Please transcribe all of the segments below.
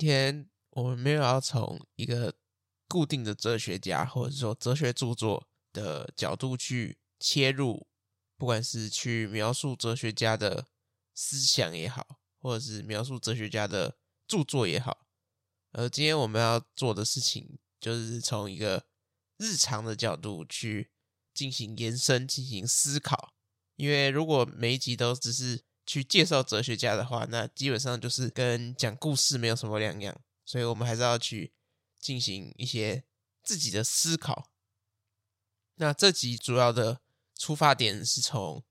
今天我們沒有要從一個固定的哲學家，或者說哲學著作的角度去切入，不管是去描述哲學家的思想也好，或者是描述哲學家的著作也好。而今天我們要做的事情，就是從一個日常的角度去進行延伸、進行思考。因為如果每一集都只是……去介紹哲學家的話，那基本上就是跟講故事沒有什麼兩樣，所以我們還是要去進行一些自己的思考。那這集主要的出發點是從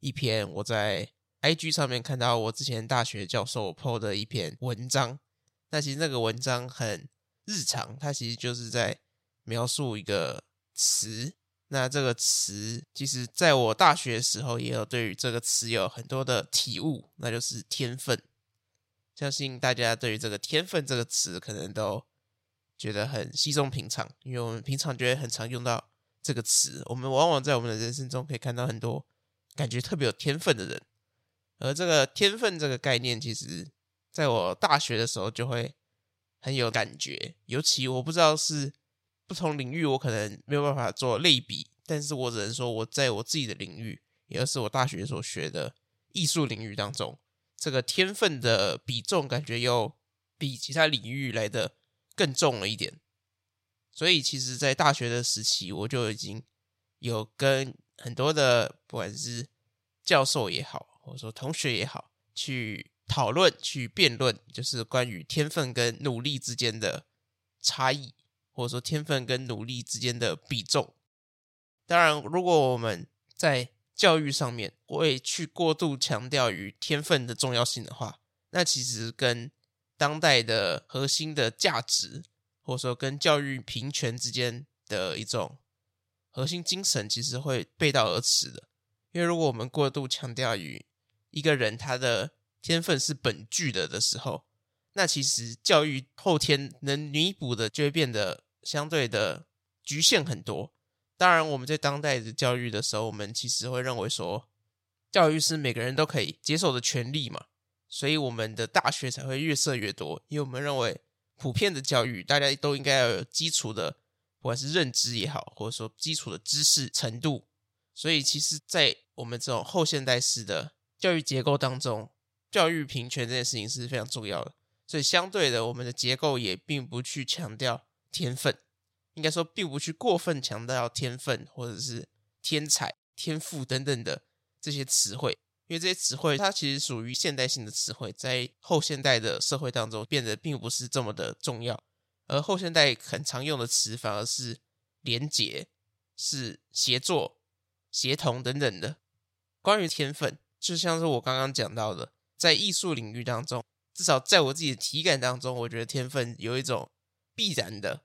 一篇我在 IG 上面看到我之前大學教授 PO 的一篇文章，那其實那個文章很日常，它其實就是在描述一個詞。那這個詞，其實在我大學的時候也有對於這個詞有很多的體悟，那就是天分。相信大家對於這個“天分”這個詞，可能都覺得很稀鬆平常，因為我們平常覺得很常用到這個詞。我們往往在我們的人生中可以看到很多感覺特別有天分的人，而這個“天分”這個概念，其實在我大學的時候就會很有感覺。尤其我不知道是不同領域，我可能沒有辦法做類比。但是我只能說，我在我自己的領域，也就是我大學所學的藝術領域當中，這個天分的比重感覺又比其他領域來的更重了一點。所以，其實在大學的時期，我就已經有跟很多的不管是教授也好，或者說同學也好，去討論、去辯論，就是關於天分跟努力之間的差異，或者說天分跟努力之間的比重。當然，如果我們在教育上面會去過度強調於天分的重要性的話，那其實跟當代的核心的價值，或者說跟教育平權之間的一種核心精神，其實會背道而馳的。因為如果我們過度強調於一個人他的天分是本具的的時候，那其實教育後天能彌補的就會變得相對的局限很多。當然，我們在當代的教育的時候，我們其實會認為說，教育是每個人都可以接受的權利嘛，所以我們的大學才會越設越多，因為我們認為普遍的教育大家都應該要有基礎的，不管是認知也好，或者說基礎的知識程度。所以，其實，在我們這種後現代式的教育結構當中，教育平權這件事情是非常重要的。所以，相對的，我們的結構也並不去強調天分。應該說，並不去過分強調天分或者是天才、天賦等等的這些詞彙，因為這些詞彙它其實屬於現代性的詞彙，在後現代的社會當中變得並不是這麼的重要。而後現代很常用的詞反而是連結，是協作、協同等等的。關於天分，就像是我剛剛講到的，在藝術領域當中，至少在我自己的體感當中，我覺得天分有一種必然的。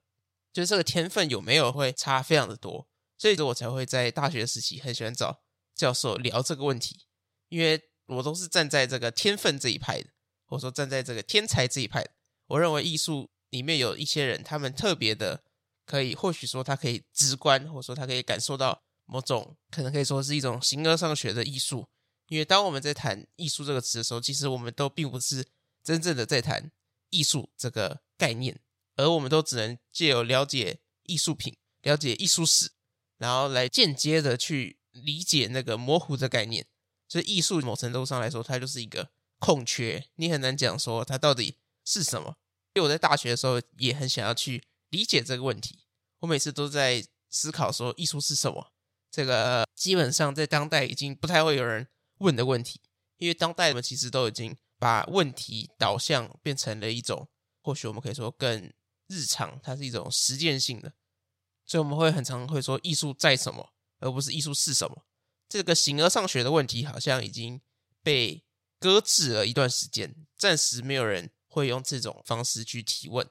覺得這個天分有沒有會差非常的多，所以說我才會在大學時期很喜歡找教授聊這個問題，因為我都是站在這個天分這一派的，或者說站在這個天才這一派。我認為藝術裡面有一些人，他們特別的可以，或許說他可以直觀，或者說他可以感受到某種，可能可以說是一種形而上學的藝術。因為當我們在談藝術這個詞的時候，其實我們都並不是真正的在談藝術這個概念。而我們都只能借由了解藝術品、了解藝術史，然後來間接的去理解那個模糊的概念。所以，藝術某程度上來說，它就是一個空缺。你很難講說它到底是什麼。因為我在大學的時候也很想要去理解這個問題，我每次都在思考說藝術是什麼。這個基本上在當代已經不太會有人問的問題，因為當代人們其實都已經把問題導向變成了一種，或許我們可以說更。日常，它是一種實踐性的，所以我們會很常會說藝術在什麼，而不是藝術是什麼。這個形而上學的問題好像已經被擱置了一段時間，暫時沒有人會用這種方式去提問。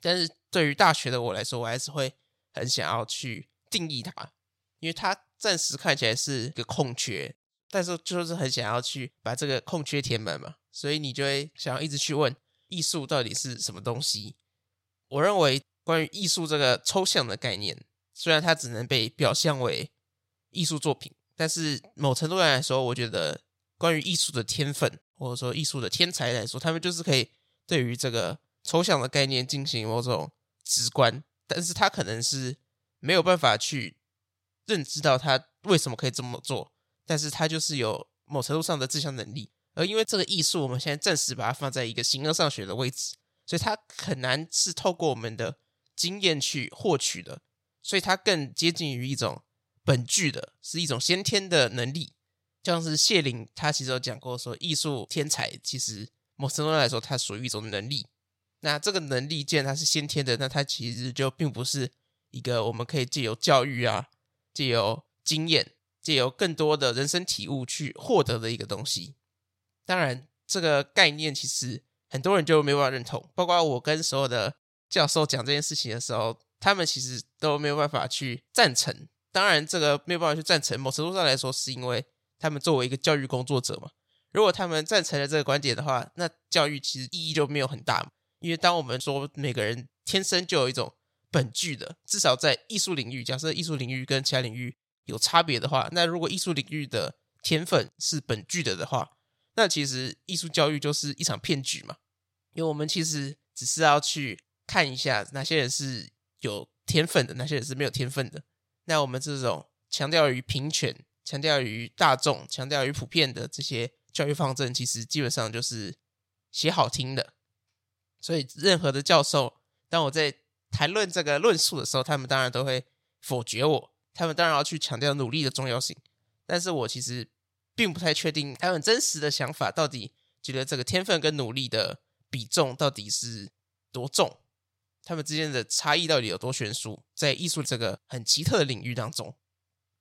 但是對於大學的我來說，我還是會很想要去定義它，因為它暫時看起來是一個空缺，但是就是很想要去把這個空缺填滿嘛，所以你就會想要一直去問藝術到底是什麼東西。我認為，關於藝術這個抽象的概念，雖然它只能被表象為藝術作品，但是某程度上來來說，我覺得關於藝術的天分，或者說藝術的天才來說，他們就是可以對於這個抽象的概念進行某種直觀，但是他可能是沒有辦法去認知到他為什麼可以這麼做，但是他就是有某程度上的這項能力。而因為這個藝術，我們現在暫時把它放在一個形而上學的位置。所以它很難是透過我們的經驗去獲取的，所以它更接近於一種本具的，是一種先天的能力。像是謝林他其實有講過說，藝術天才其實某種程度來說，它屬於一種能力。那這個能力既然它是先天的，那它其實就並不是一個我們可以借由教育啊、借由經驗、借由更多的人生體悟去獲得的一個東西。當然，這個概念其實。很多人就沒有辦法認同，包括我跟所有的教授講這件事情的時候，他們其實都沒有辦法去贊成。當然，這個沒有辦法去贊成，某程度上來說，是因為他們作為一個教育工作者嘛。如果他們贊成了這個觀點的話，那教育其實意義就沒有很大嘛。因為當我們說每個人天生就有一種本具的，至少在藝術領域，假設藝術領域跟其他領域有差別的話，那如果藝術領域的天分是本具的的話，那其實藝術教育就是一場騙局嘛。因為我們其實只是要去看一下哪些人是有天分的，哪些人是沒有天分的。那我們這種強調於平權、強調於大眾、強調於普遍的這些教育方針，其實基本上就是寫好聽的。所以，任何的教授，當我在談論這個論述的時候，他們當然都會否決我。他們當然要去強調努力的重要性，但是我其實並不太確定他們真實的想法到底覺得這個天分跟努力的。比重到底是多重？他們之間的差異到底有多懸殊？在藝術這個很奇特的領域當中，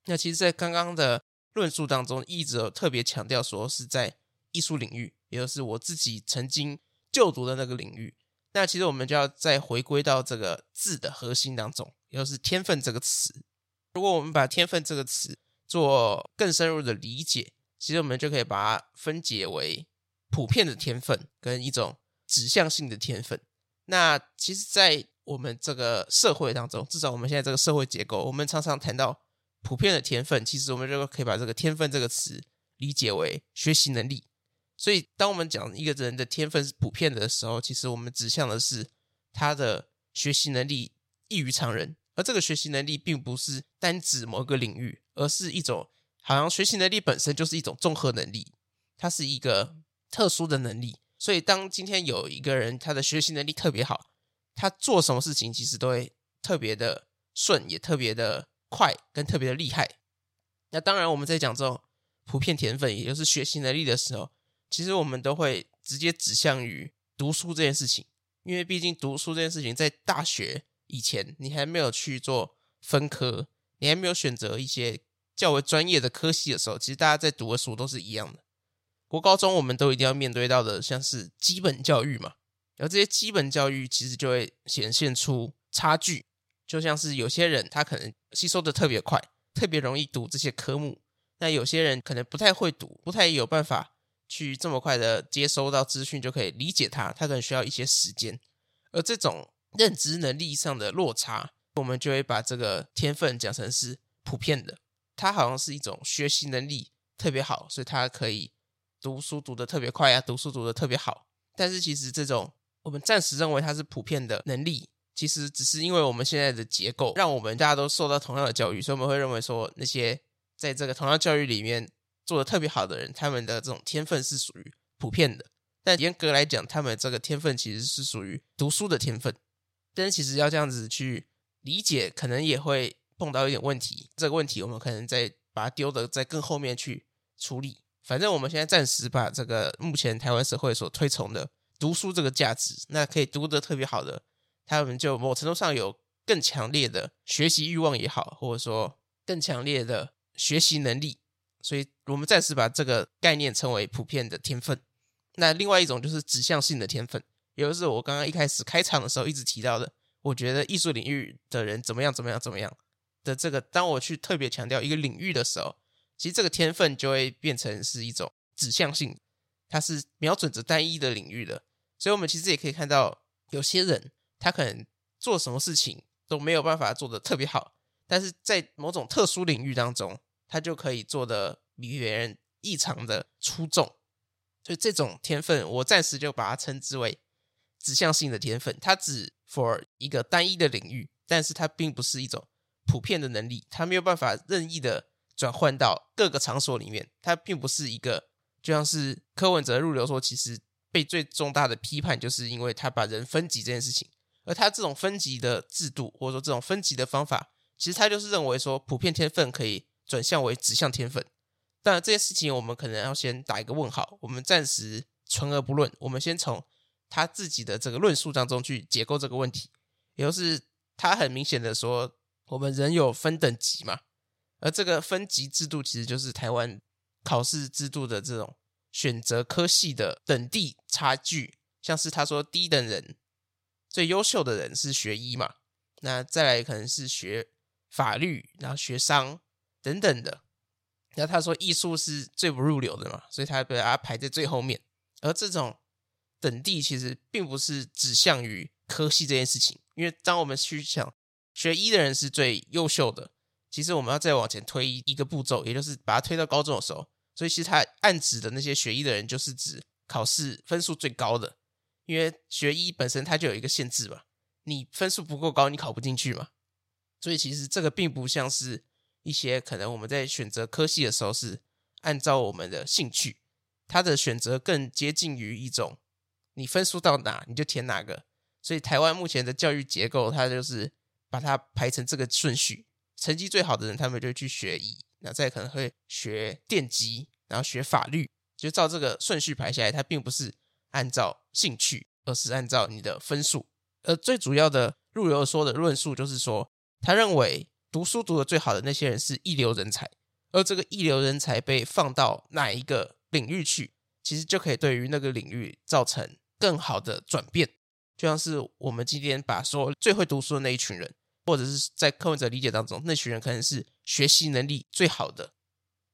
那其實，在剛剛的論述當中，一直有特別強調說是在藝術領域，也就是我自己曾經就讀的那個領域。那其實，我們就要再回歸到這個字的核心當中，也就是“天分”這個詞。如果我們把“天分”這個詞做更深入的理解，其實我們就可以把它分解為普遍的天分跟一種。指向性的天分，那其實，在我們這個社會當中，至少我們現在這個社會結構，我們常常談到普遍的天分。其實，我們就可以把這個“天分”這個詞理解為學習能力。所以，當我們講一個人的天分是普遍的時候，其實我們指向的是他的學習能力異於常人。而這個學習能力並不是單指某個領域，而是一種好像學習能力本身就是一種綜合能力，它是一個特殊的能力。所以，當今天有一個人他的學習能力特別好，他做什麼事情其實都會特別的順，也特別的快，跟特別的厲害。那當然，我們在講這種普遍天分，也就是學習能力的時候，其實我們都會直接指向於讀書這件事情，因為畢竟讀書這件事情在大學以前，你還沒有去做分科，你還沒有選擇一些較為專業的科系的時候，其實大家在讀的書都是一樣的。國高中我們都一定要面對到的，像是基本教育嘛，而這些基本教育其實就會顯現出差距，就像是有些人他可能吸收的特別快，特別容易讀這些科目，那有些人可能不太會讀，不太有辦法去這麼快的接收到資訊就可以理解它，他可能需要一些時間，而這種認知能力上的落差，我們就會把這個天分講成是普遍的，他好像是一種學習能力特別好，所以他可以。讀書讀得特別快呀、啊，讀書讀得特別好，但是其實這種我們暫時認為它是普遍的能力，其實只是因為我們現在的結構讓我們大家都受到同樣的教育，所以我們會認為說那些在這個同樣教育裡面做得特別好的人，他們的這種天分是屬於普遍的。但嚴格來講，他們這個天分其實是屬於讀書的天分，但是其實要這樣子去理解，可能也會碰到一點問題。這個問題我們可能再把它丟的再更後面去處理。反正我們現在暫時把這個目前台灣社會所推崇的讀書這個價值，那可以讀得特別好的，他們就某程度上有更強烈的學習欲望也好，或者說更強烈的學習能力，所以我們暫時把這個概念稱為普遍的天分。那另外一種就是指向性的天分，也就是我剛剛一開始開場的時候一直提到的，我覺得藝術領域的人怎麼樣怎麼樣怎麼樣的這個，當我去特別強調一個領域的時候。其實這個天分就會變成是一種指向性，它是瞄準着單一的領域的。所以，我們其實也可以看到，有些人他可能做什麼事情都沒有辦法做得特別好，但是在某種特殊領域當中，他就可以做得比別人異常的出眾。所以，這種天分我暫時就把它稱之為指向性的天分，它只 for 一個單一的領域，但是它並不是一種普遍的能力，它沒有辦法任意的。轉換到各個場所裡面，它並不是一個，就像是柯文哲入流說，其實被最重大的批判就是因為他把人分級這件事情，而他這種分級的制度或者說這種分級的方法，其實他就是認為說普遍天分可以轉向為指向天分，當然這件事情我們可能要先打一個問號，我們暫時存而不論，我們先從他自己的這個論述當中去解構這個問題，也就是他很明顯的說，我們人有分等級嘛。而這個分級制度其實就是台灣考試制度的這種選擇科系的等地差距，像是他說第一等人最優秀的人是學醫嘛，那再來可能是學法律，然後學商等等的，然後他說藝術是最不入流的嘛，所以他把它排在最後面。而這種等地其實並不是指向於科系這件事情，因為當我們去想學醫的人是最優秀的。其實我們要再往前推一個步驟，也就是把它推到高中的時候。所以其實它暗指的那些學醫的人，就是指考試分數最高的，因為學醫本身它就有一個限制嘛，你分數不夠高，你考不進去嘛。所以其實這個並不像是一些可能我們在選擇科系的時候是按照我們的興趣，他的選擇更接近於一種，你分數到哪，你就填哪個。所以台灣目前的教育結構，它就是把它排成這個順序。成績最好的人，他們就去學醫，那再可能會學電機，然後學法律，就照這個順序排下來。他並不是按照興趣，而是按照你的分數。而最主要的入流說的論述就是說，他認為讀書讀得最好的那些人是一流人才，而這個一流人才被放到哪一個領域去，其實就可以對於那個領域造成更好的轉變。就像是我們今天把說最會讀書的那一群人。或者是在柯文哲理解當中，那群人可能是學習能力最好的，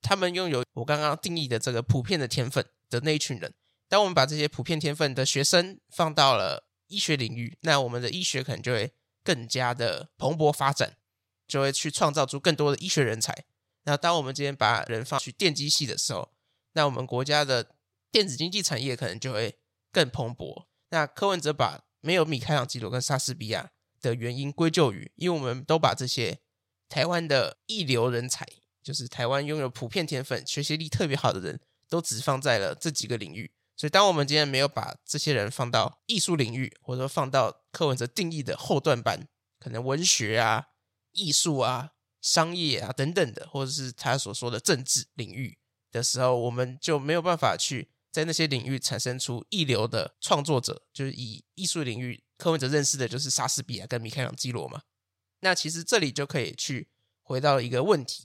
他們擁有我剛剛定義的這個普遍的天分的那一群人。當我們把這些普遍天分的學生放到了醫學領域，那我們的醫學可能就會更加的蓬勃發展，就會去創造出更多的醫學人才。那當我們今天把人放去電機系的時候，那我們國家的電子經濟產業可能就會更蓬勃。那柯文哲把沒有米開朗基羅跟莎士比亞。的原因歸咎於，因為我們都把這些台灣的一流人才，就是台灣擁有普遍天分、學習力特別好的人，都只放在了這幾個領域。所以，當我們今天沒有把這些人放到藝術領域，或者說放到柯文哲定義的後段班，可能文學啊、藝術啊、商業啊等等的，或者是他所說的政治領域的時候，我們就沒有辦法去在那些領域產生出一流的創作者，就是以藝術領域。柯文哲認識的就是莎士比亞跟米開朗基羅嘛？那其實這裡就可以去回到一個問題，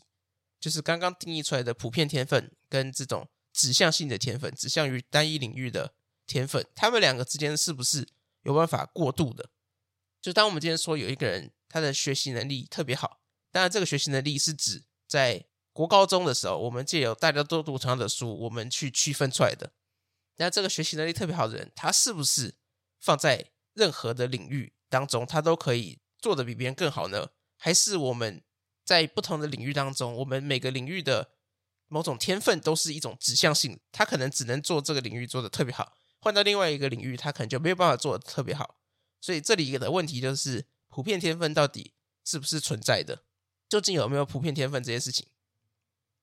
就是剛剛定義出來的普遍天分跟這種指向性的天分，指向於單一領域的天分，他們兩個之間是不是有辦法過渡的？就當我們今天說有一個人他的學習能力特別好，當然這個學習能力是指在國高中的時候，我們借由大家都讀同樣的書，我們去區分出來的。那這個學習能力特別好的人，他是不是放在？任何的領域當中，他都可以做得比別人更好呢？還是我們在不同的領域當中，我們每個領域的某種天分都是一種指向性？他可能只能做這個領域做得特別好，換到另外一個領域，他可能就沒有辦法做得特別好。所以這裡一個問題就是，普遍天分到底是不是存在的？究竟有沒有普遍天分這件事情？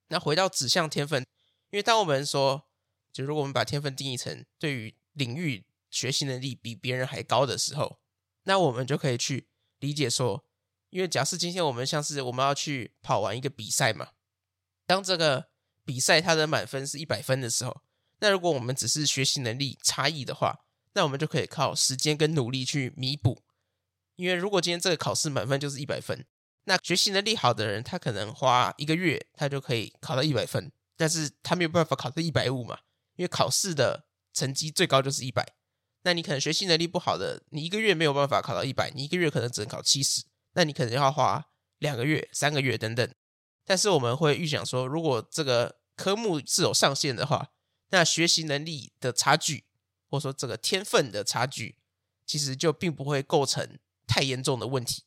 那回到指向天分，因為當我們說，就如果我們把天分定義成對於領域。學習能力比別人還高的時候，那我們就可以去理解說，因為假設今天我們像是我們要去跑完一個比賽嘛，當這個比賽它的滿分是一百分的時候，那如果我們只是學習能力差異的話，那我們就可以靠時間跟努力去彌補。因為如果今天這個考試滿分就是一百分，那學習能力好的人，他可能花一個月他就可以考到一百分，但是他沒有辦法考到一百五嘛，因為考試的成績最高就是一百。那你可能學習能力不好的，你一個月沒有辦法考到一百，你一個月可能只能考七十，那你可能要花兩個月、三個月等等。但是我們會預想說，如果這個科目是有上限的話，那學習能力的差距，或者說這個天分的差距，其實就並不會構成太嚴重的問題。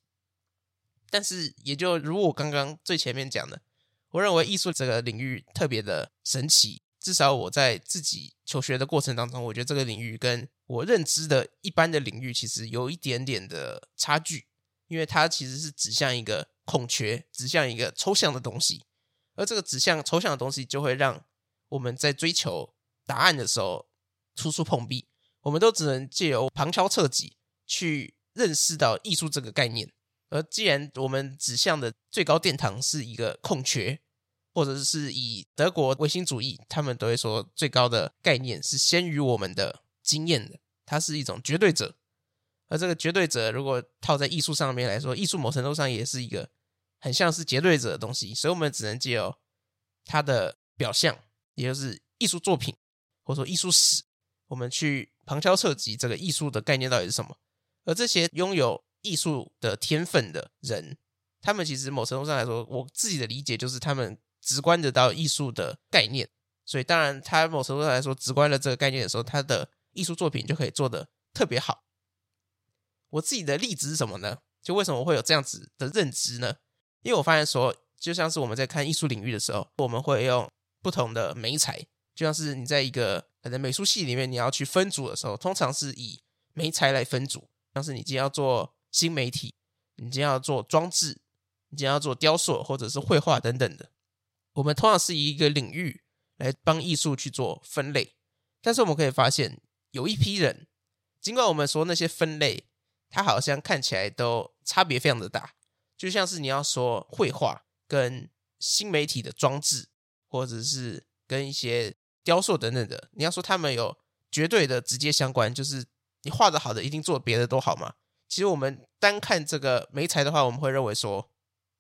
但是，也就如我剛剛最前面講的，我認為藝術這個領域特別的神奇，至少我在自己求學的過程當中，我覺得這個領域跟我認知的一般的領域，其實有一點點的差距，因為它其實是指向一個空缺，指向一個抽象的東西，而這個指向抽象的東西，就會讓我們在追求答案的時候處處碰壁。我們都只能借由旁敲側擊去認識到藝術這個概念。而既然我們指向的最高殿堂是一個空缺，或者是以德國唯心主義，他們都會說最高的概念是先於我們的。經驗的，它是一種絕對者，而這個絕對者，如果套在藝術上面來說，藝術某程度上也是一個很像是絕對者的東西，所以我們只能借由它的表象，也就是藝術作品或者說藝術史，我們去旁敲側擊這個藝術的概念到底是什麼。而這些擁有藝術的天分的人，他們其實某程度上來說，我自己的理解就是他們直觀得到藝術的概念，所以當然，他某程度上來說直觀了這個概念的時候，他的。藝術作品就可以做得特別好。我自己的例子是什麼呢？就為什麼會有這樣子的認知呢？因為我發現說，就像是我們在看藝術領域的時候，我們會用不同的媒材。就像是你在一個可能美術系裡面，你要去分組的時候，通常是以媒材來分組。像是你今天要做新媒體，你今天要做裝置，你今天要做雕塑或者是繪畫等等的。我們通常是以一個領域來幫藝術去做分類，但是我們可以發現。有一批人，儘管我們說那些分類，它好像看起來都差別非常的大，就像是你要說繪畫跟新媒體的裝置，或者是跟一些雕塑等等的，你要說他們有絕對的直接相關，就是你畫得好的一定做別的都好嘛？其實我們單看這個媒材的話，我們會認為說，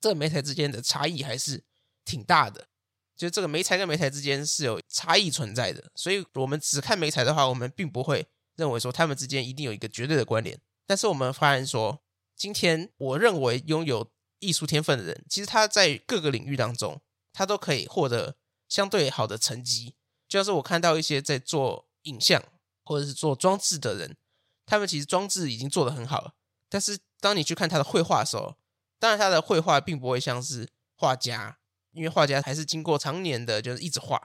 這個媒材之間的差異還是挺大的。就是這個媒材跟媒材之間是有差異存在的，所以我們只看媒材的話，我們並不會認為說他們之間一定有一個絕對的關聯。但是我們發現說，今天我認為擁有藝術天分的人，其實他在各個領域當中，他都可以獲得相對好的成績。就像是我看到一些在做影像或者是做裝置的人，他們其實裝置已經做得很好了，但是當你去看他的繪畫的時候，當然他的繪畫並不會像是畫家。因為畫家還是經過常年的，就是一直畫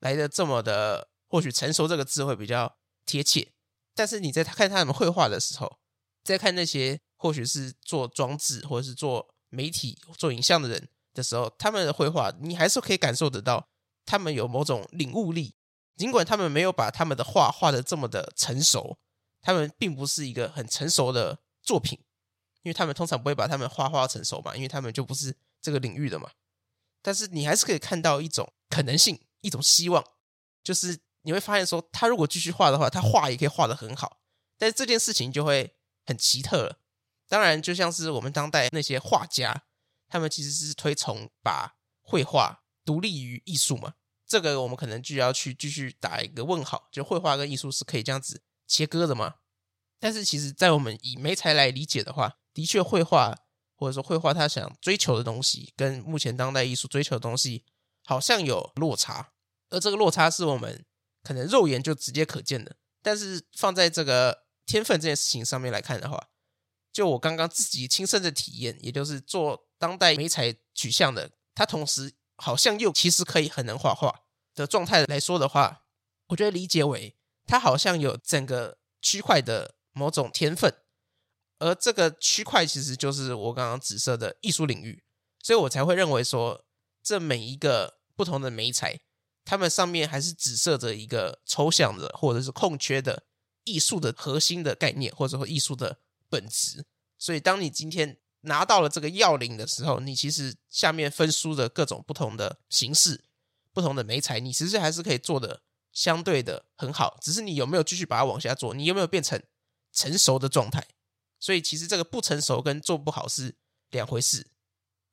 來的這麼的，或許“成熟”這個字會比較貼切。但是你在看他們繪畫的時候，在看那些或許是做裝置或者是做媒體、做影像的人的時候，他們的繪畫你還是可以感受得到他們有某種領悟力，儘管他們沒有把他們的畫畫得這麼的成熟，他們並不是一個很成熟的作品，因為他們通常不會把他們畫畫成熟嘛，因為他們就不是這個領域的嘛。但是你還是可以看到一種可能性，一種希望，就是你會發現說，他如果繼續畫的話，他畫也可以畫得很好。但是這件事情就會很奇特了。當然，就像是我們當代那些畫家，他們其實是推崇把繪畫獨立於藝術嘛。這個我們可能就要去繼續打一個問號，就繪畫跟藝術是可以這樣子切割的嗎？但是其實在我們以媒材來理解的話，的確繪畫。或者說繪畫他想追求的東西，跟目前當代藝術追求的東西好像有落差，而這個落差是我們可能肉眼就直接可見的。但是放在這個天分這件事情上面來看的話，就我剛剛自己親身的體驗，也就是做當代美彩取向的，他同時好像又其實可以很能畫畫的狀態來說的話，我覺得理解為他好像有整個區塊的某種天分。而這個區塊其實就是我剛剛指涉的藝術領域，所以我才會認為說，這每一個不同的媒材，它們上面還是指涉著一個抽象的，或者是空缺的藝術的核心的概念，或者說藝術的本質。所以，當你今天拿到了這個要領的時候，你其實下面分輸的各種不同的形式、不同的媒材，你其實還是可以做得相對的很好。只是你有沒有繼續把它往下做？你有沒有變成成熟的狀態？所以其實這個不成熟跟做不好是兩回事，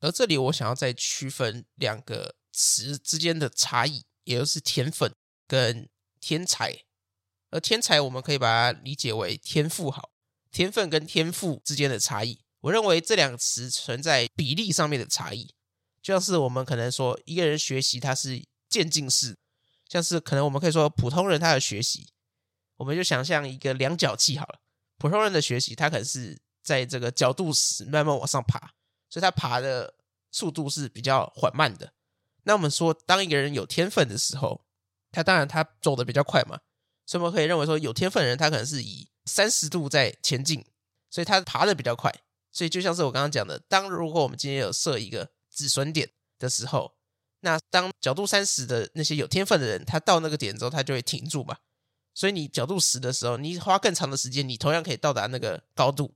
而這裡我想要再區分兩個詞之間的差異，也就是天分跟天才。而天才我們可以把它理解為天賦好，天分跟天賦之間的差異，我認為這兩個詞存在比例上面的差異。就像是我們可能說一個人學習他是漸進式，像是可能我們可以說普通人他的學習，我們就想象一個量角器好了。普通人的學習，他可能是在這個角度是慢慢往上爬，所以他爬的速度是比較緩慢的。那我們說，當一個人有天分的時候，他當然他走的比較快嘛，所以我們可以認為說，有天分的人他可能是以三十度在前進，所以他爬的比較快。所以就像是我剛剛講的，當如果我們今天有設一個止損點的時候，那當角度三十的那些有天分的人，他到那個點之後，他就會停住嘛。所以你角度十的時候，你花更長的時間，你同樣可以到達那個高度。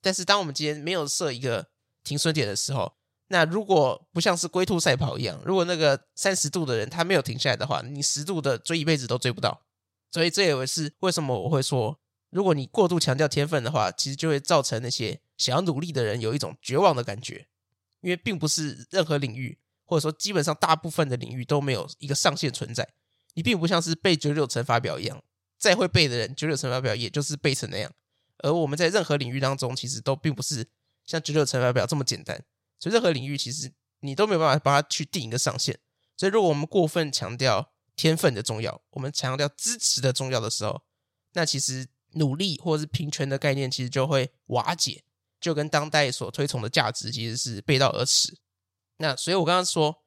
但是當我們今天沒有設一個停損點的時候，那如果不像是龜兔賽跑一樣，如果那個三十度的人他沒有停下來的話，你十度的追一輩子都追不到。所以這也為是為什麼我會說，如果你過度強調天分的話，其實就會造成那些想要努力的人有一種絕望的感覺，因為並不是任何領域，或者說基本上大部分的領域都沒有一個上限存在。你並不像是背九九乘法表一樣。再會背的人，九九乘法表也就是背成那樣。而我們在任何領域當中，其實都並不是像九九乘法表這麼簡單。所以任何領域，其實你都沒有辦法把它去定一個上限。所以如果我們過分強調天分的重要，我們強調支持的重要的時候，那其實努力或者是平權的概念，其實就會瓦解，就跟當代所推崇的價值其實是背道而馳。那所以我剛剛說，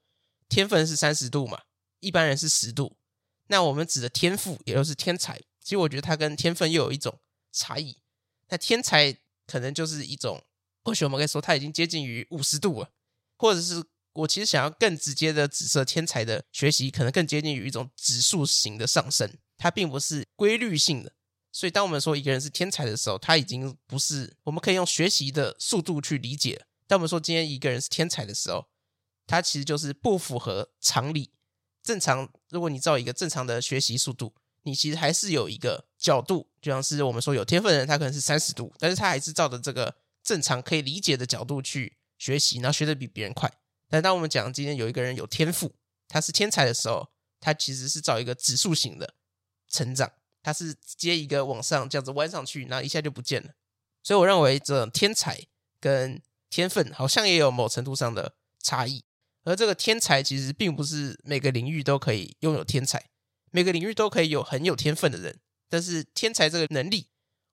天分是三十度嘛，一般人是十度。那我們指的天賦，也就是天才，其實我覺得它跟天分又有一種差異。那天才可能就是一種或許我們可以說，它已經接近於五十度了，或者是我其實想要更直接的指涉天才的學習，可能更接近於一種指數型的上升，它並不是規律性的。所以當我們說一個人是天才的時候，他已經不是我們可以用學習的速度去理解了。當我們說今天一個人是天才的時候，他其實就是不符合常理。正常，如果你照一個正常的學習速度，你其實還是有一個角度，就像是我們說有天分的人，他可能是三十度，但是他還是照着這個正常可以理解的角度去學習，然後學得比別人快。但當我們講今天有一個人有天賦，他是天才的時候，他其實是照一個指數型的成長，他是接一個往上這樣子彎上去，然後一下就不見了。所以我認為這天才跟天分好像也有某程度上的差異。而這個天才其實並不是每個領域都可以擁有天才，每個領域都可以有很有天分的人，但是天才這個能力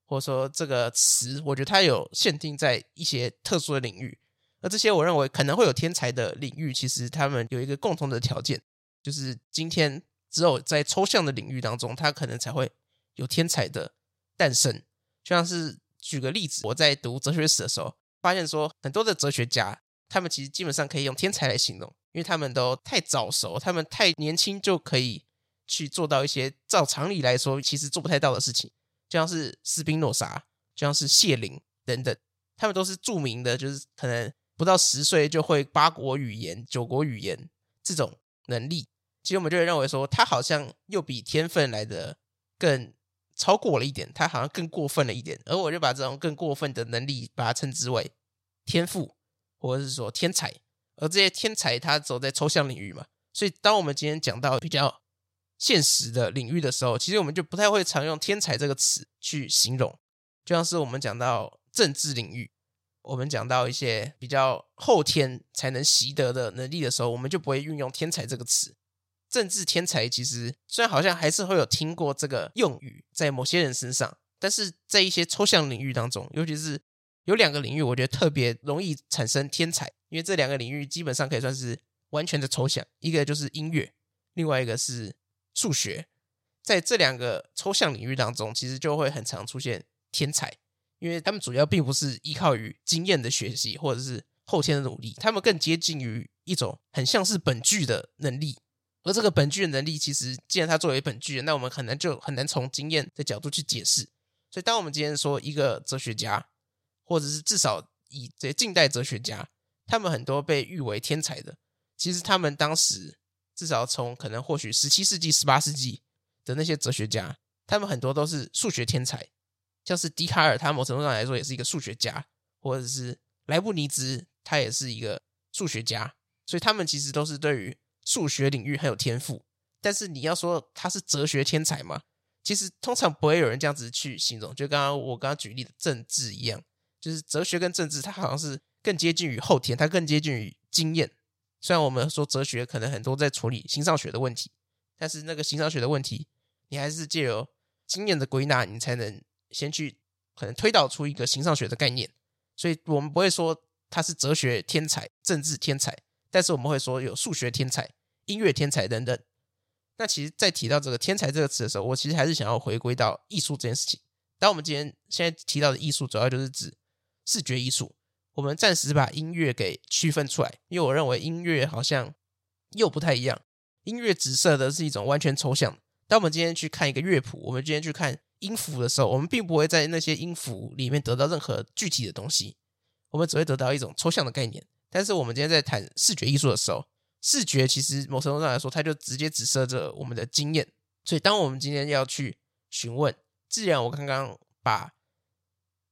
或者說這個詞，我覺得它有限定在一些特殊的領域。而這些我認為可能會有天才的領域，其實他們有一個共同的條件，就是今天只有在抽象的領域當中，他可能才會有天才的誕生。就像是舉個例子，我在讀哲學史的時候，發現說很多的哲學家。他們其實基本上可以用天才來形容，因為他們都太早熟，他們太年輕就可以去做到一些照常理來說其實做不太到的事情，就像是斯賓諾莎，就像是謝林等等，他們都是著名的，就是可能不到十歲就會八國語言、九國語言這種能力。其實我們就會認為說，他好像又比天分來的更超過了一點，他好像更過分了一點，而我就把這種更過分的能力，把它稱之為天賦。或者是說天才，而這些天才他走在抽象領域嘛，所以當我們今天講到比較現實的領域的時候，其實我們就不太會常用“天才”這個詞去形容。就像是我們講到政治領域，我們講到一些比較後天才能習得的能力的時候，我們就不會運用“天才”這個詞。政治天才其實雖然好像還是會有聽過這個用語在某些人身上，但是在一些抽象領域當中，尤其是。有兩個領域，我覺得特別容易產生天才，因為這兩個領域基本上可以算是完全的抽象。一個就是音樂，另外一個是數學。在這兩個抽象領域當中，其實就會很常出現天才，因為他們主要並不是依靠於經驗的學習或者是後天的努力，他們更接近於一種很像是本具的能力。而這個本具的能力，其實既然它作為本具，那我們很難就很難從經驗的角度去解釋。所以，當我們今天說一個哲學家，或者是至少以這近代哲學家，他們很多被譽為天才的，其實他們當時至少從可能或許十七世紀、十八世紀的那些哲學家，他們很多都是數學天才，像是笛卡爾，他某程度上來說也是一個數學家，或者是萊布尼茲，他也是一個數學家，所以他們其實都是對於數學領域很有天賦。但是你要說他是哲學天才嗎？其實通常不會有人這樣子去形容，就剛剛我剛剛舉例的政治一樣。就是哲學跟政治，它好像是更接近於後天，它更接近於經驗。雖然我們說哲學可能很多在處理形上學的問題，但是那個形上學的問題，你還是借由經驗的歸納，你才能先去可能推導出一個形上學的概念。所以我們不會說它是哲學天才、政治天才，但是我們會說有數學天才、音樂天才等等。那其實，在提到這個天才這個詞的時候，我其實還是想要回歸到藝術這件事情。當我們今天現在提到的藝術，主要就是指。視覺藝術，我們暫時把音樂給區分出來，因為我認為音樂好像又不太一樣。音樂指涉的是一種完全抽象。當我們今天去看一個樂譜，我們今天去看音符的時候，我們並不會在那些音符裡面得到任何具體的東西，我們只會得到一種抽象的概念。但是我們今天在談視覺藝術的時候，視覺其實某程度上來說，它就直接指涉着我們的經驗。所以，當我們今天要去詢問，既然我剛剛把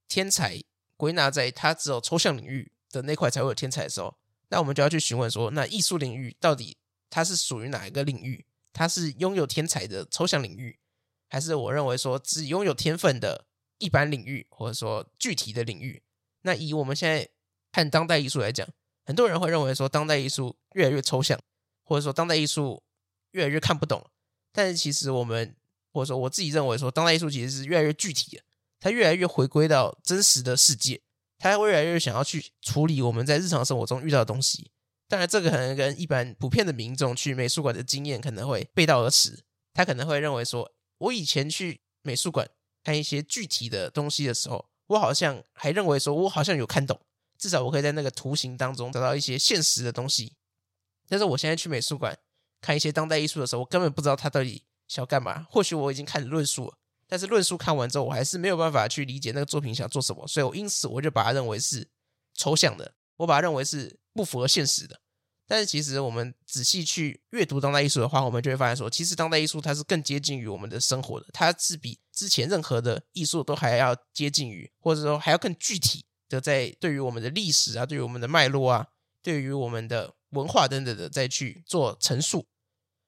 天才。歸納在它只有抽象領域的那塊才會有天才的時候，那我們就要去詢問說，那藝術領域到底它是屬於哪一個領域？它是擁有天才的抽象領域，還是我認為說只擁有天分的一般領域，或者說具體的領域？那以我們現在看當代藝術來講，很多人會認為說當代藝術越來越抽象，或者說當代藝術越來越看不懂，但是其實我們，或者說我自己認為說當代藝術其實是越來越具體的。他越來越回歸到真實的世界，他會越來越想要去處理我們在日常生活中遇到的東西。當然，這個可能跟一般普遍的民眾去美術館的經驗可能會背道而馳。他可能會認為說，我以前去美術館看一些具體的東西的時候，我好像還認為說，我好像有看懂，至少我可以在那個圖形當中找到一些現實的東西。但是我現在去美術館看一些當代藝術的時候，我根本不知道他到底想要幹嘛。或許我已經開始論述了。但是論述看完之後，我還是沒有辦法去理解那個作品想做什麼，所以我因此我就把它認為是抽象的，我把它認為是不符合現實的。但是其實我們仔細去閱讀當代藝術的話，我們就會發現說，其實當代藝術它是更接近於我們的生活的，它是比之前任何的藝術都還要接近於，或者說還要更具體的，在對於我們的歷史啊，對於我們的脈絡啊，對於我們的文化等等的再去做陳述。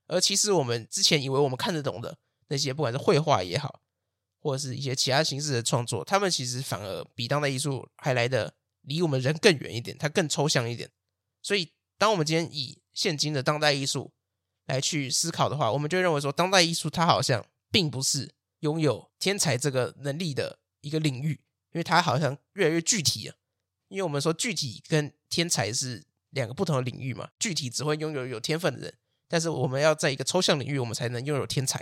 而其實我們之前以為我們看得懂的那些，不管是繪畫也好，或者是一些其他形式的創作，他們其實反而比當代藝術還來得離我們人更遠一點，它更抽象一點。所以，當我們今天以現今的當代藝術來去思考的話，我們就認為說，當代藝術它好像並不是擁有天才這個能力的一個領域，因為它好像越來越具體了。因為我們說具體跟天才是兩個不同的領域嘛，具體只會擁有有天分的人，但是我們要在一個抽象領域，我們才能擁有天才。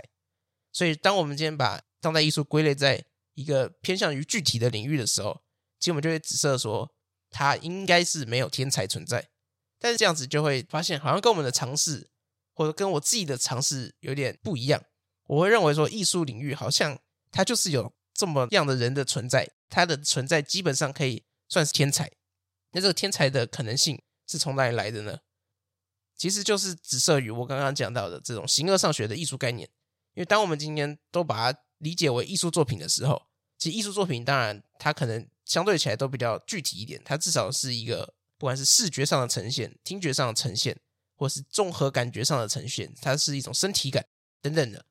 所以，當我們今天把當代藝術歸類在一個偏向於具體的領域的時候，其實我們就會指涉，說，它應該是沒有天才存在。但是這樣子就會發現，好像跟我們的嘗試，或者跟我自己的嘗試有點不一樣。我會認為說，藝術領域好像它就是有這麼樣的人的存在，它的存在基本上可以算是天才。那這個天才的可能性是從哪裡來的呢？其實就是指涉於我剛剛講到的這種形而上學的藝術概念，因為當我們今天都把它理解為藝術作品的時候，其實藝術作品當然它可能相對起來都比較具體一點，它至少是一個不管是視覺上的呈現、聽覺上的呈現，或是綜合感覺上的呈現，它是一種身體感等等的，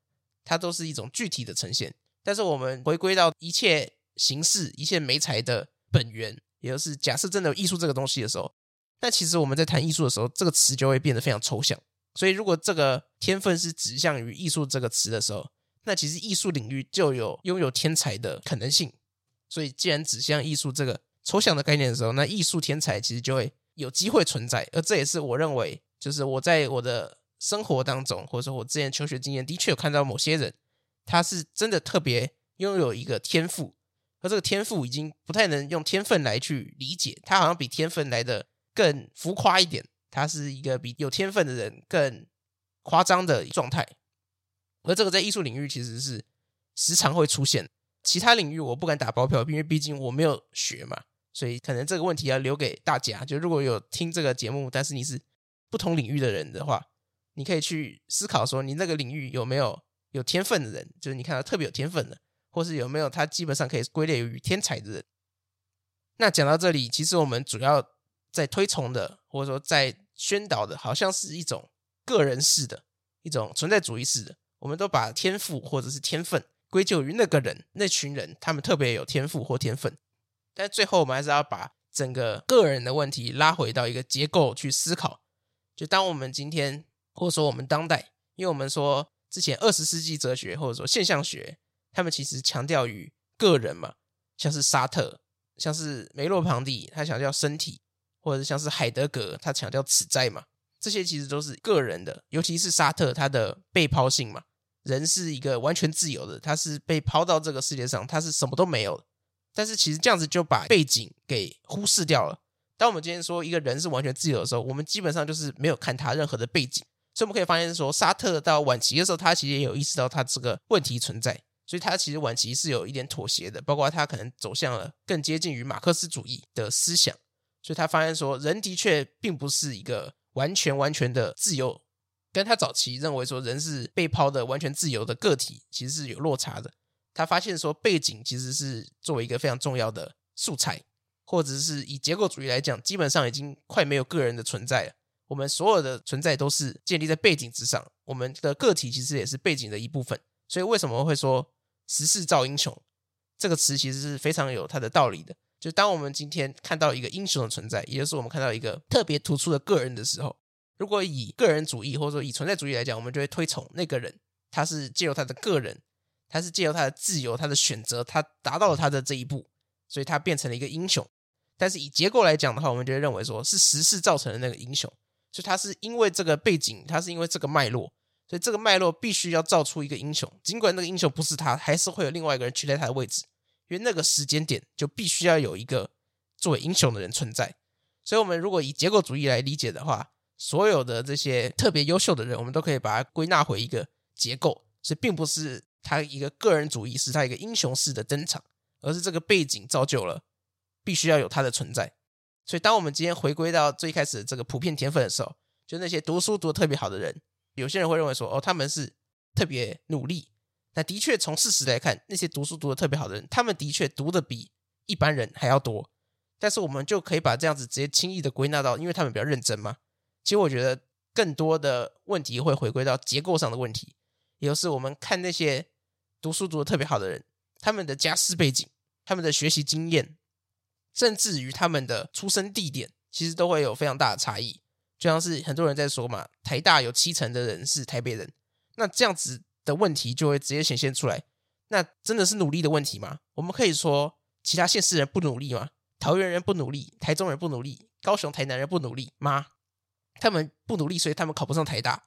它都是一種具體的呈現。但是我們回歸到一切形式、一切媒材的本源，也就是假設真的有藝術這個東西的時候，那其實我們在談藝術的時候，這個詞就會變得非常抽象。所以如果這個天分是指向於藝術這個詞的時候，那其實藝術領域就有擁有天才的可能性，所以既然指向藝術這個抽象的概念的時候，那藝術天才其實就會有機會存在。而這也是我認為，就是我在我的生活當中，或者說我之前求學經驗，的確有看到某些人，他是真的特別擁有一個天賦，而這個天賦已經不太能用天分來去理解，他好像比天分來得更浮誇一點，他是一個比有天分的人更誇張的狀態。而這個在藝術領域其實是時常會出現，其他領域我不敢打包票，因為畢竟我沒有學嘛，所以可能這個問題要留給大家。就如果有聽這個節目，但是你是不同領域的人的話，你可以去思考說，你那個領域有沒有有天分的人，就是你看他特別有天分的，或是有沒有他基本上可以歸類於天才的人。那講到這裡，其實我們主要在推崇的，或者說在宣導的，好像是一種個人式的，一種存在主義式的。我們都把天賦或者是天分歸咎於那個人、那群人，他們特別有天賦或天分。但最後，我們還是要把整個個人的問題拉回到一個結構去思考。就當我們今天，或者說我們當代，因為我們說之前二十世紀哲學或者說現象學，他們其實強調於個人嘛，像是沙特，像是梅洛龐蒂，他強調身體，或者像是海德格，他強調此在嘛，這些其實都是個人的，尤其是沙特他的被拋性嘛。人是一個完全自由的，他是被拋到這個世界上，他是什麼都沒有的。但是其實這樣子就把背景給忽視掉了。當我們今天說一個人是完全自由的時候，我們基本上就是沒有看他任何的背景。所以我們可以發現說沙特到晚期的時候，他其實也有意識到他這個問題存在，所以他其實晚期是有一點妥協的，包括他可能走向了更接近於馬克思主義的思想。所以他發現說，人的確並不是一個完全完全的自由。跟他早期認為說人是被拋的完全自由的個體，其實是有落差的。他發現說，背景其實是作為一個非常重要的素材，或者是以結構主義來講，基本上已經快沒有個人的存在了。我們所有的存在都是建立在背景之上，我們的個體其實也是背景的一部分。所以為什麼會說“時勢造英雄”這個詞，其實是非常有它的道理的。就當我們今天看到一個英雄的存在，也就是我們看到一個特別突出的個人的時候。如果以個人主義或者說以存在主義來講，我們就會推崇那個人，他是借由他的個人，他是借由他的自由、他的選擇，他達到了他的這一步，所以他變成了一個英雄。但是以結構來講的話，我們就會認為說是時勢造成的那個英雄，所以他是因為這個背景，他是因為這個脈絡，所以這個脈絡必須要造出一個英雄。盡管那個英雄不是他，還是會有另外一個人取代他的位置，因為那個時間點就必須要有一個作為英雄的人存在。所以，我們如果以結構主義來理解的話，所有的這些特別優秀的人，我們都可以把它歸納回一個結構，所以並不是他一個個人主義，是他一個英雄式的登場，而是這個背景造就了必須要有他的存在。所以，當我們今天回歸到最開始的這個普遍天分的時候，就那些讀書讀的特別好的人，有些人會認為說，哦，他們是特別努力。那的確，從事實來看，那些讀書讀的特別好的人，他們的確讀的比一般人還要多。但是，我們就可以把這樣子直接輕易的歸納到，因為他們比較認真嘛。其實我覺得更多的問題會回歸到結構上的問題，也就是我們看那些讀書讀得特別好的人，他們的家世背景、他們的學習經驗，甚至於他們的出生地點，其實都會有非常大的差異。就像是很多人在說嘛，台大有七成的人是台北人，那這樣子的問題就會直接顯現出來。那真的是努力的問題嗎？我們可以說其他縣市人不努力嗎？桃園人不努力，台中人不努力，高雄、台南人不努力嗎？他們不努力，所以他們考不上台大。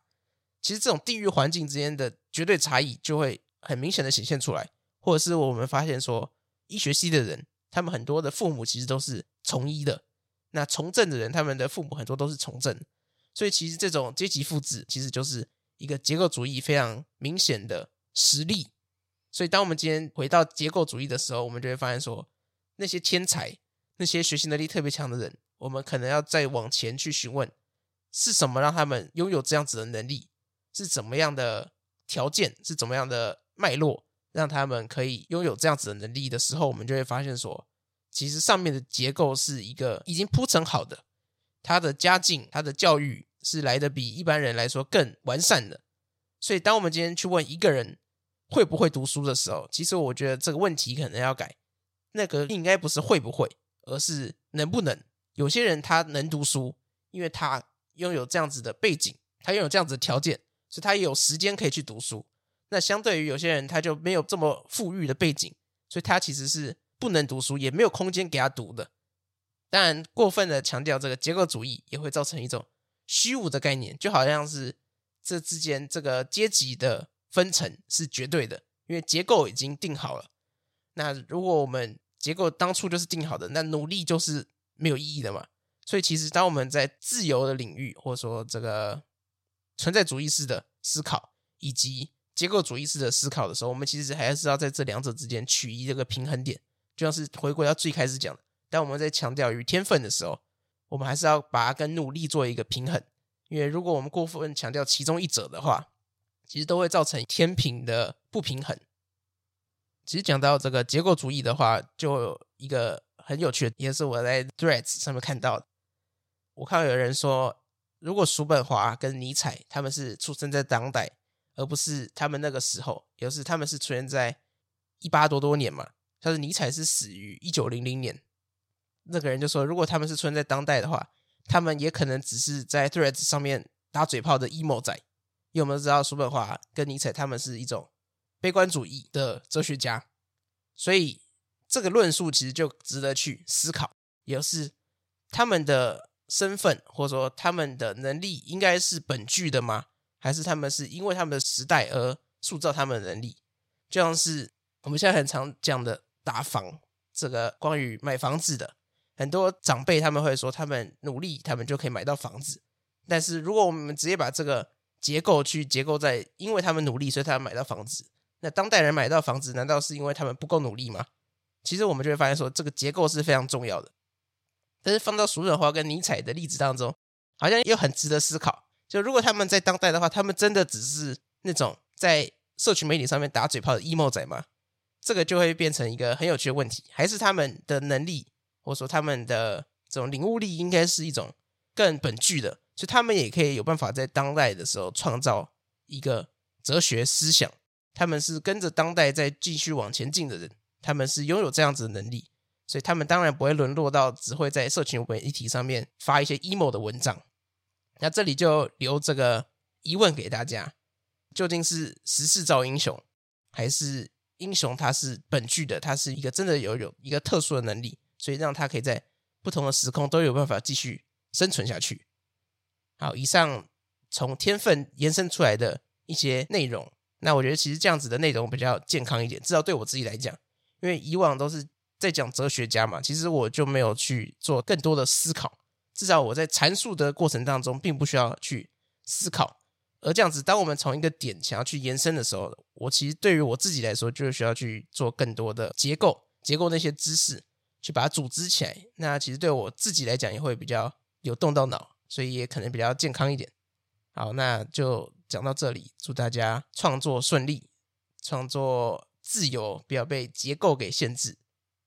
其實這種地域環境之間的絕對差異就會很明顯的顯現出來，或者是我們發現說，醫學系的人，他們很多的父母其實都是從醫的，那從政的人，他們的父母很多都是從政。所以其實這種階級複製其實就是一個結構主義非常明顯的實例。所以當我們今天回到結構主義的時候，我們就會發現說，那些天才、那些學習能力特別強的人，我們可能要再往前去詢問。是什麼讓他們擁有這樣子的能力？是怎麼樣的條件？是怎麼樣的脈絡？讓他們可以擁有這樣子的能力的時候，我們就會發現說，其實上面的結構是一個已經鋪陳好的。他的家境，他的教育是來得比一般人來說更完善的。所以，當我們今天去問一個人會不會讀書的時候，其實我覺得這個問題可能要改。那個應該不是會不會，而是能不能。有些人他能讀書，因為他。擁有這樣子的背景，他擁有這樣子的條件，所以他有時間可以去讀書。那相對於有些人，他就沒有這麼富裕的背景，所以他其實是不能讀書，也沒有空間給他讀的。當然，過分的強調這個結構主義，也會造成一種虛無的概念，就好像是這之間這個階級的分層是絕對的，因為結構已經定好了。那如果我們結構當初就是定好的，那努力就是沒有意義的嘛。所以，其實當我們在自由的領域，或者說這個存在主義式的思考，以及結構主義式的思考的時候，我們其實還是要在這兩者之間取一個一個平衡點。就像是回歸到最開始講的，當我們在強調與天分的時候，我們還是要把它跟努力做一個平衡。因為如果我們過分強調其中一者的話，其實都會造成天平的不平衡。其實講到這個結構主義的話，就有一個很有趣的，也是我在 Threads 上面看到的。我看到有人說，如果叔本華跟尼采他們是出生在當代，而不是他們那個時候，也就是他們是出現在一八多多年嘛。但是尼采是死於一九零零年。那個人就說，如果他們是出生在當代的話，他們也可能只是在 Threads 上面打嘴炮的 emo 仔。因為我們知道叔本華跟尼采他們是一種悲觀主義的哲學家，所以這個論述其實就值得去思考，也就是他們的。身份，或者說他們的能力應該是本具的嗎？還是他們是因為他們的時代而塑造他們的能力？就像是我們現在很常講的“打房”，這個關於買房子的，很多長輩他們會說，他們努力，他們就可以買到房子。但是如果我們直接把這個結構去結構在，因為他們努力，所以他們買到房子。那當代人買到房子，難道是因為他們不夠努力嗎？其實我們就會發現，說這個結構是非常重要的。但是放到叔本華跟尼采的例子當中，好像又很值得思考。就如果他們在當代的話，他們真的只是那種在社群媒體上面打嘴炮的 emo 仔嗎？這個就會變成一個很有趣的問題。還是他們的能力，或者說他們的這種領悟力，應該是一種更本具的，就他們也可以有辦法在當代的時候創造一個哲學思想。他們是跟着當代在繼續往前進的人，他們是擁有這樣子的能力。所以他們當然不會淪落到只會在社群媒體上面發一些 emo 的文章。那這裡就留這個疑問給大家：究竟是時勢造英雄，還是英雄他是本具的，他是一個真的有有一個特殊的能力，所以讓他可以在不同的時空都有辦法繼續生存下去？好，以上從天分延伸出來的一些內容，那我覺得其實這樣子的內容比較健康一點，至少對我自己來講，因為以往都是。在講哲學家嘛，其實我就沒有去做更多的思考。至少我在闡述的過程當中，並不需要去思考。而這樣子，當我們從一個點想要去延伸的時候，我其實對於我自己來說，就是需要去做更多的結構，結構那些知識，去把它組織起來。那其實對我自己來講，也會比較有動到腦，所以也可能比較健康一點。好，那就講到這裡，祝大家創作順利，創作自由，不要被結構給限制。